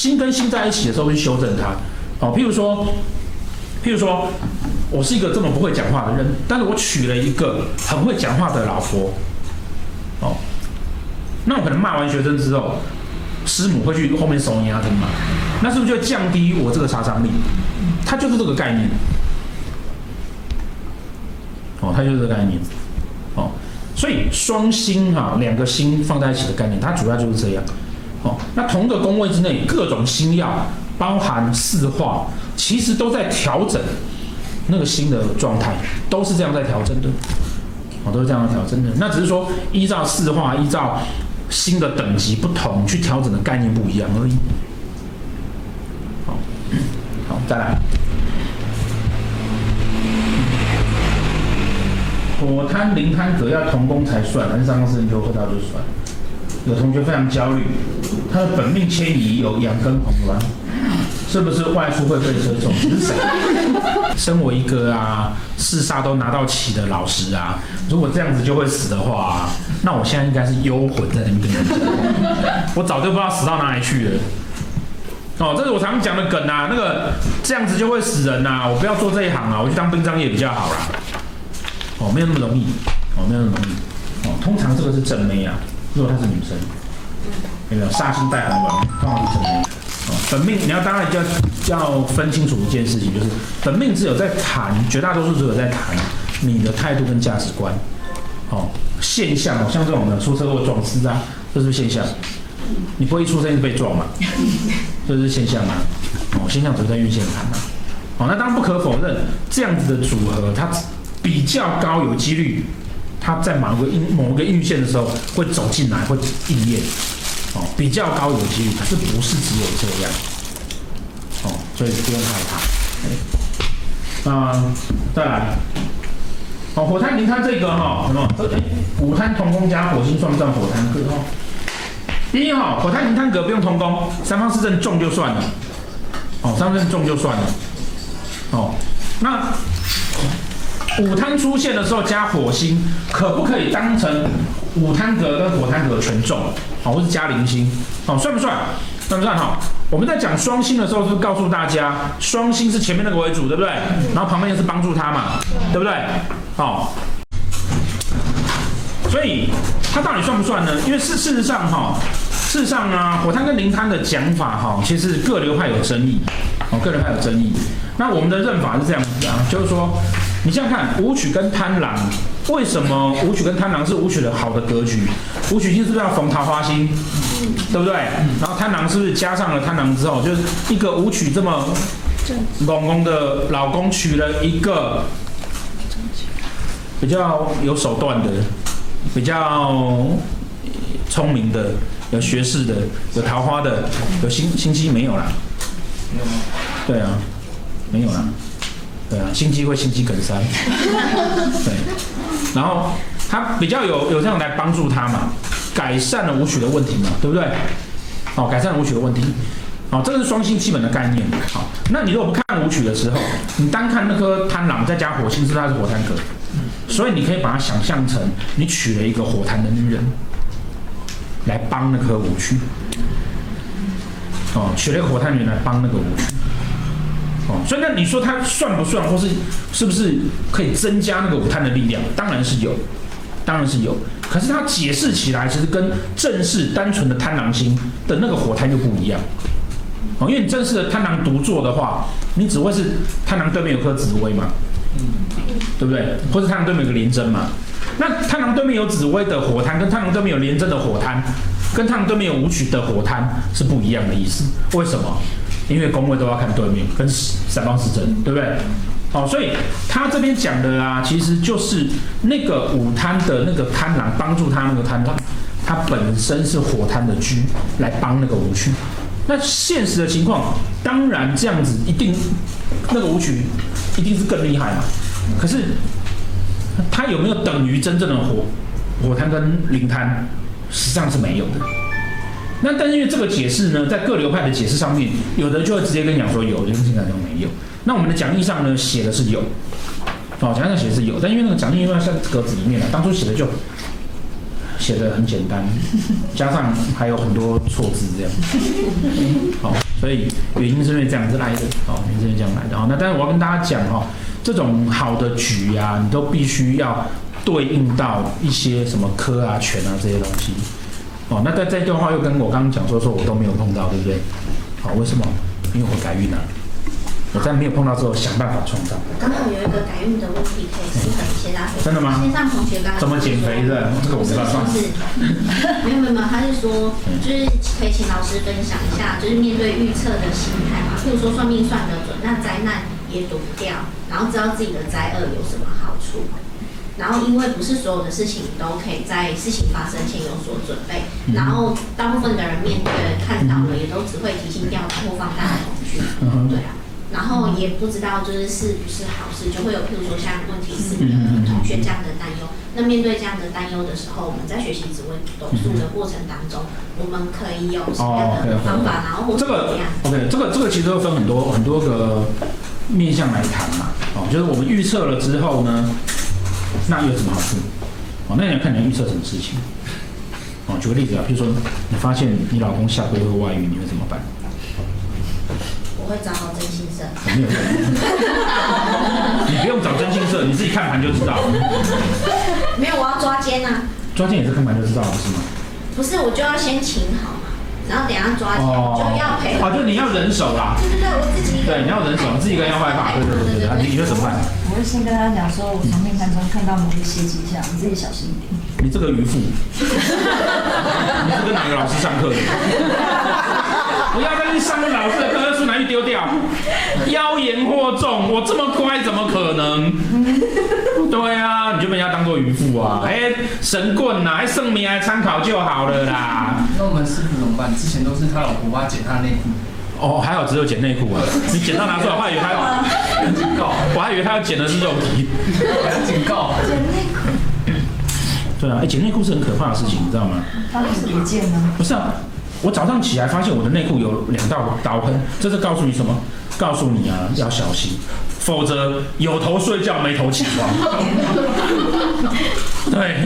心跟心在一起的時候去修正它，哦，譬如說，譬如說，我是一個這麼不會講話的人，但是我娶了一個很會講話的老婆，哦，那我可能罵完學生之後，師母會去後面慫恿他聽嘛，那是不是就降低我這個殺傷力？它就是這個概念，哦，它就是這個概念，哦，所以雙心哈、啊，兩個心放在一起的概念，它主要就是這樣。哦，那同個宮位之內，各種星曜包含四化，其實都在調整那個星的狀態，都是這樣在調整的，哦，都是這樣的調整的。那只是說依照四化，依照星的等級不同去調整的概念不一樣而已。好、哦，好、嗯哦，再來。火貪、靈貪格要同宮才算，不然三方四正會合到就算。有同學非常焦慮，他的本命遷移有羊跟紅鸞，是不是外出會被車撞？是誰 生我一個啊，四煞都拿到齊的老師啊，如果這樣子就會死的話，那我現在應該是幽魂在裡面跟你們講， 我早就不知道死到哪裡去了。哦，這是我常，常講的梗吶、啊，那個這樣子就會死人吶、啊，我不要做這一行啊。我去當殯葬業也比較好啦。哦，沒有那麼容易，哦，沒有那麼容易，哦，通常這個是正妹啊。如果她是女生，有、嗯、沒有煞星帶紅鸞？哦，本命你要當然就要就要分清楚一件事情，就是本命只有在談絕大多數只有在談你的態度跟價值觀。哦，現象哦，像這種的出車禍撞死啊，這是不是現象？你不會一出生就被撞嘛？這 是現象啊！哦，現象存在於運限談。啊。哦，那當然不可否認，這樣子的組合它比較高，有幾率。他在某個運某一個運線的時候會走進來，會應驗，哦，比較高有幾率，可是不是只有這樣，哦，所以不用害怕。那、欸呃、再來，哦，火貪鈴貪這個哈，什、哦、麼？有有武貪同宮加火星算不算火貪格？對哦、因第一哈，火貪鈴貪格不用同宮，三方四正中就算了，哦，三方四正中就算了，哦，那。武貪出現的時候加火星，可不可以當成武貪格跟火貪格的權重好，或是加鈴星，好，算不算？算不算哈？我們在講雙星的時候是不是告訴大家，雙星是前面那個為主，對不對？然後旁邊又是幫助他嘛，對不對？好，所以它到底算不算呢？因為事實上哈，事實上啊，火貪跟鈴貪的講法哈，其實各流派有爭議，哦，各流派有爭議。那我們的認法是這樣子啊，就是說。你這樣看，武曲跟貪狼，為什麼武曲跟貪狼是武曲的好的格局？武曲就是不是要逢桃花星，嗯、對不對？嗯、然後貪狼是不是加上了貪狼之後，就是一個武曲這麼猛猛的老公娶了一個比較有手段的、比較聰明的、有學識的、有桃花的、有心心機沒有啦？沒有嗎？對啊，沒有啦。對啊，心肌會心肌梗塞。對，然後他比較有有這樣來幫助他嘛，改善了武曲的問題嘛，對不對？哦，改善了武曲的問題。哦，這個是雙星基本的概念。好，那你如果不看武曲的時候，你單看那顆貪狼，再加火星是它是，是火貪格，所以你可以把它想象成你娶了一個火貪的女人來幫那顆武曲。哦，娶了一個火貪女人來幫那個武曲。所以那你說它算不算，或是是不是可以增加那個火貪的力量？當然是有，當然是有。可是它解釋起來，其實跟正式單純的貪狼星的那個火貪就不一樣。哦，因為你正式的貪狼獨坐的話，你只會是貪狼對面有顆紫微嘛，對不對？或是貪狼對面有個廉貞嘛？那貪狼對面有紫微的火貪，跟貪狼對面有廉貞的火貪，跟貪狼對面有武曲的火貪是不一樣的意思。為什麼？因為宮位都要看對面，跟三方四正對不對？哦，所以他這邊講的啊，其實就是那個武貪的那個貪狼幫助他那個貪狼，他本身是火貪的居來幫那個武曲。那現實的情況，當然這樣子一定那個武曲一定是更厲害嘛。可是他有沒有等於真正的火火貪跟鈴貪，實際上是沒有的。那但是因為這個解釋呢，在各流派的解釋上面，有的就會直接跟你講說有，有的現在都沒有。那我們的講義上呢，寫的是有，哦，講義上寫的是有，但因為那個講義因為是格子裡面、啊、當初寫的就寫的很簡單，加上還有很多錯字這樣，好，所以原因是因為這樣子來的，哦，原因是因為這樣來的。哦，那但是我要跟大家講哦，這種好的局啊，你都必須要對應到一些什麼科啊、權啊這些東西。哦，那在這段話又跟我剛剛講說說我都沒有碰到，對不對？好、哦，為什麼？因為我改運了、啊，我在沒有碰到之後想辦法創造。剛好有一個改運的問題可以適合一些大學、欸、真的嗎、啊？線上同學剛剛怎麼減肥的？這個我他算是是是沒辦法。就是沒有沒有沒有，他是說就是可以請老師分享一下，就是面對預測的心態嘛。譬如說算命算得準，那災難也躲不掉，然後知道自己的災厄有什麼好處。然後，因為不是所有的事情都可以在事情發生前有所準備，嗯、哼然後大部分的人面對，對看到了，也都只會提心吊膽或放大恐懼，嗯、哼對啊。然後也不知道就是是不是好事，就會有譬如說像問題四的同學這樣的擔憂。嗯、哼那面對這樣的擔憂的時候，我們在學習紫微斗數的過程當中，嗯、哼我們可以有什麼樣的方法？哦啊、然後或怎麼樣這個 OK，這個這個其實要分很多很多個面向來談嘛，哦，就是我們預測了之後呢。那有什麼好處？哦，那你要看你預測什麼事情。哦，舉個例子啊，譬如說你發現你老公下個月會外遇，你會怎麼辦？我會找好徵信社。你不用找徵信社，你自己看盤就知道。沒有，我要抓奸啊！抓奸也是看盤就知道了，是嗎？不是，我就要先請好嘛，然後等下抓奸、哦、我就要陪我。哦、啊，就你要人手啦。對對對，我自己。對，你要人手，自己一個人要害怕，對對對對對，對對對，你說怎麼辦？我會先跟他講說，我從面談中看到，某一些跡象，你自己小心一點。你這個漁夫， 你是跟哪個老師上課的？ 不要再去上個老師的課，要拿去丟掉。 妖言惑眾，我這麼乖，怎麼可能？ 對啊，你就被人家當做漁夫啊！哎對、欸，神棍吶、啊，還聖名，還參考就好了啦。 那我們師傅怎麼辦？之前都是他老婆、啊、他剪他的內褲。哦，oh, 還好只有剪內褲啊！ 你剪刀拿出來，我還以為他要警告，我還以為他要剪的是肉體， 要警告剪內褲。 對啊，哎、欸，剪內褲是很可怕的事情， 你知道嗎？是不剪嗎？不是啊，我早上起來發現我的內褲有兩道刀痕，這是告訴你什麼？告訴你啊，要小心，否則有頭睡覺沒頭起床。 對，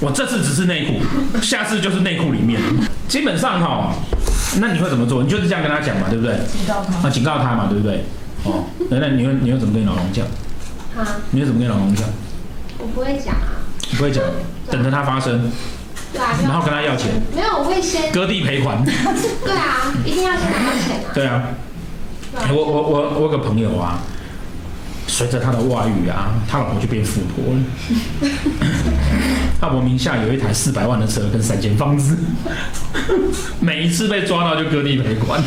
我這次只是內褲，下次就是內褲裡面， 基本上哈、哦。那你會怎麼做？你就是這樣跟他講嘛，對不對？警告他啊，警告他嘛，對不對？哦，那那你會你又怎麼跟你老公講？你又怎麼跟你老公講？我不會講啊。你不會講？等着他發生。對啊。然後跟他要錢？沒有，我會先割地賠款。對啊，一定要先拿到錢。對啊。我我我我有個朋友啊，隨着他的外遇啊，他老婆就變富婆了。大伯名下有一台四百萬的車跟三間房子，每一次被抓到就割地賠款。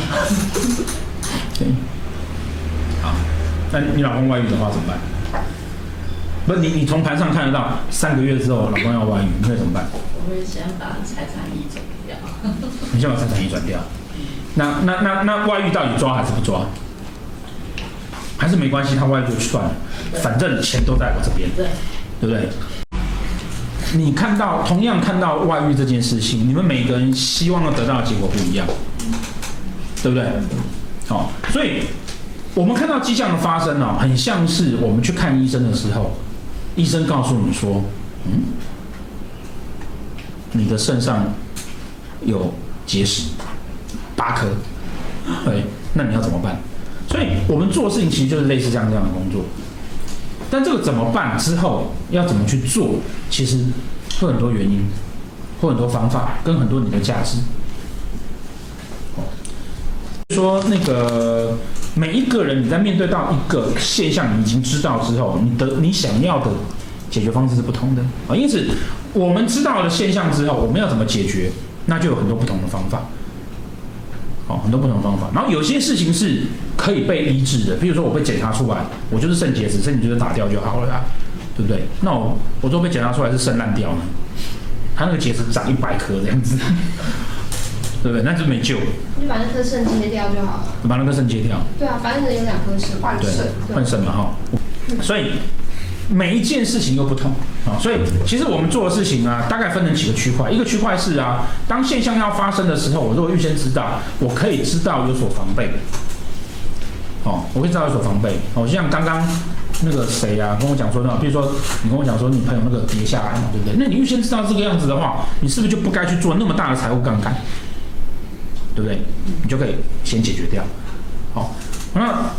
對，好，那你老公外遇的話怎麼辦？不，你你從盤上看得到，三個月之後老公要外遇，你會怎麼辦？我會先把財產移轉掉。你先把財產移轉掉那。那那那那外遇到底抓還是不抓？還是沒關係，他外遇就算了，對 反正錢都在我這邊，對不對？對對你看到同樣看到外遇這件事情，你們每個人希望要得到的結果不一樣，對不對？好、哦，所以我們看到跡象的發生呢、哦，很像是我們去看醫生的時候，醫生告訴你說：“嗯，你的腎上有結石八顆，哎，那你要怎麼辦？”所以我們做的事情其實就是類似這樣這樣的工作。但這個怎麼辦？之後要怎麼去做？其實會很多原因，會很多方法，跟很多你的價值。說那個每一個人，你在面對到一個現象，你已經知道之後，你的你想要的解決方式是不同的。因此，我們知道了現象之後，我們要怎麼解決，那就有很多不同的方法。很多不同方法，然後有些事情是可以被醫治的，比如說我被檢查出來我就是腎結石，腎結石打掉就好了啊，對不對？那我我都被檢查出來是腎爛掉呢，他那個結石長一百顆這樣子， 對不對？那就沒救了，你把那顆腎切掉就好了，你把那個腎切掉，對啊，反正人有兩顆腎，換腎對，換腎對嘛哈，嗯、所以。每一件事情又不同啊，所以其實我們做的事情啊，大概分成幾個區塊。一個區塊是啊，當現象要發生的時候，我如果預先知道，我可以知道有所防備。哦，我會知道有所防備。哦，像剛剛那個誰啊，跟我講說那比如說你跟我講說你朋友那個跌下來嘛，對不對？那你預先知道這個樣子的話，你是不是就不該去做那麼大的財務槓桿？對不對？你就可以先解決掉。好、哦，那。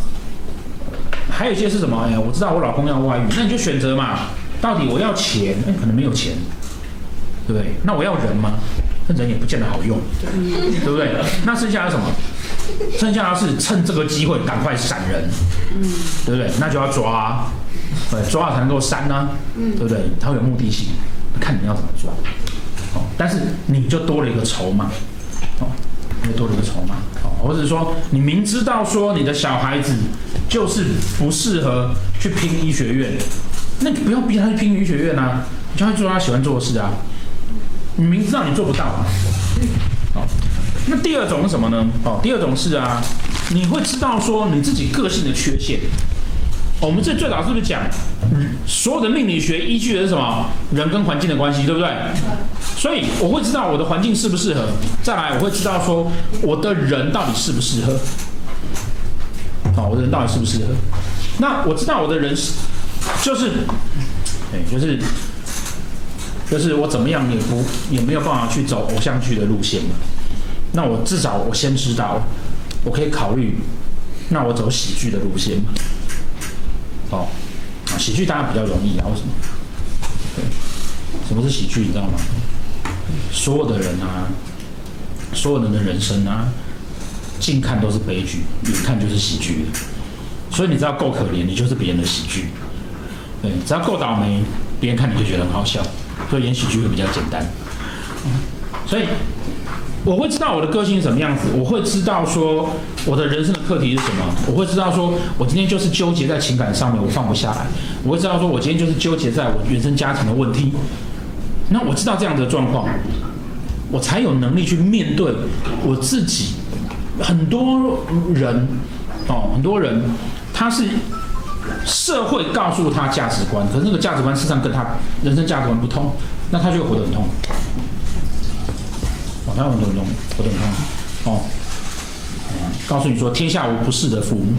還有一些是什麼？哎呀，我知道我老公要外遇，那你就選擇嘛。到底我要錢？那可能沒有錢，對不對？那我要人嗎？那人也不見得好用，對不對？那剩下的是什麼？剩下是趁這個機會趕快閃人，對不對？那就要抓啊，對，抓才能夠刪呢啊，對不對？他會有目的性，看你要怎麼抓。哦，但是你就多了一個籌碼，哦，你就多了一個籌碼，哦，或者說你明知道說你的小孩子。就是不適合去拼醫學院，那你不要逼他去拼醫學院啊，你就會做他喜歡做的事啊，你明知道你做不到啊。好，那第二種是什麼呢？哦，第二種是啊，你會知道說你自己個性的缺陷。我們這最早是不是講，所有的命理學依據的是什麼？人跟環境的關係，對不對？所以我會知道我的環境適不適合，再來我會知道說我的人到底適不適合。好、哦，我的人到底適不適合？那我知道我的人是，就是，對，就是，就是我怎麼樣也不也沒有辦法去走偶像劇的路線嘛。那我至少我先知道，我可以考慮，那我走喜劇的路線嘛。哦、喜劇當然比較容易啊。為什麼？對，什麼是喜劇？你知道嗎？所有的人啊，所有人的人生啊。近看都是悲劇，遠看就是喜劇的。所以你只要夠可憐，你就是別人的喜劇。對，只要夠倒霉，別人看你就覺得很好笑，所以演喜劇會比較簡單。所以我會知道我的個性是什麼樣子，我會知道說我的人生的課題是什麼，我會知道說我今天就是糾結在情感上面，我放不下來。我會知道說我今天就是糾結在我原生家庭的問題。那我知道這樣的狀況，我才有能力去面對我自己。很多人哦，很多人，他是社會告訴他價值觀，可是那個價值觀實際上跟他人生價值觀不同，那他就活得很痛。哦，他有活得很痛，活得很痛哦、嗯。告訴你說天下無不是的父母，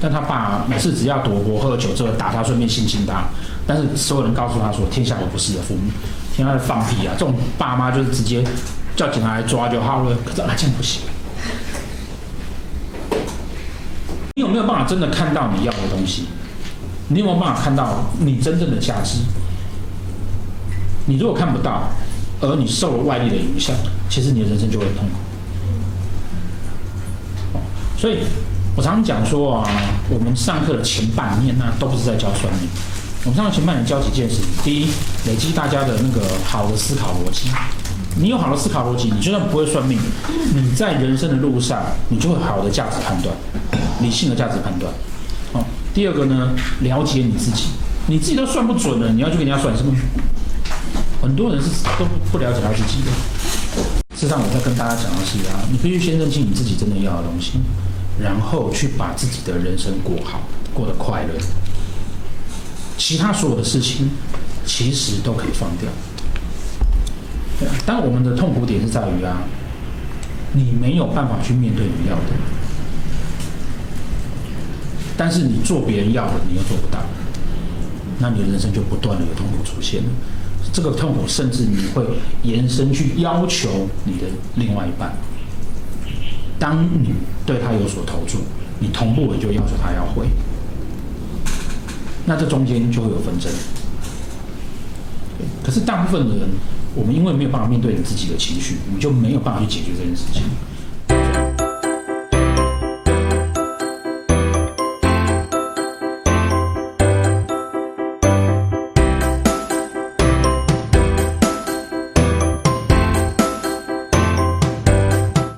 但他爸、啊、每次只要賭博喝酒，之後打他，順便訓訓他。但是所有人告訴他說天下無不是的父母，天啊，放屁啊！這種爸媽就是直接叫警察來抓就好了，可是啊，這樣不行。你有沒有辦法真的看到你要的東西，你有沒有辦法看到你真正的價值？你如果看不到，而你受了外力的影響，其實你的人生就會很痛苦。所以我常常講說啊，我們上課的前半年呢，都不是在教算命。我們上課前半年教幾件事：第一，累積大家的那個好的思考邏輯。你有好的思考邏輯，你就算不會算命，你在人生的路上，你就會好的價值判斷。理性的價值判斷。好、哦，第二個呢，了解你自己，你自己都算不準了，你要去給人家算什麼？很多人是都不了解他自己的。事實上，我在跟大家講的是啊，你必須先認清你自己真的要的東西，然後去把自己的人生過好，過得快樂。其他所有的事情，其實都可以放掉。但我們的痛苦點是在於啊，你沒有辦法去面對你要的。但是你做別人要的，你又做不到，那你的人生就不斷的有痛苦出現了。這個痛苦甚至你會延伸去要求你的另外一半，當你對他有所投注，你同步的就要求他要回，那這中間就會有紛爭。可是大部分的人，我們因為沒有辦法面對你自己的情緒，你就沒有辦法去解決這件事情。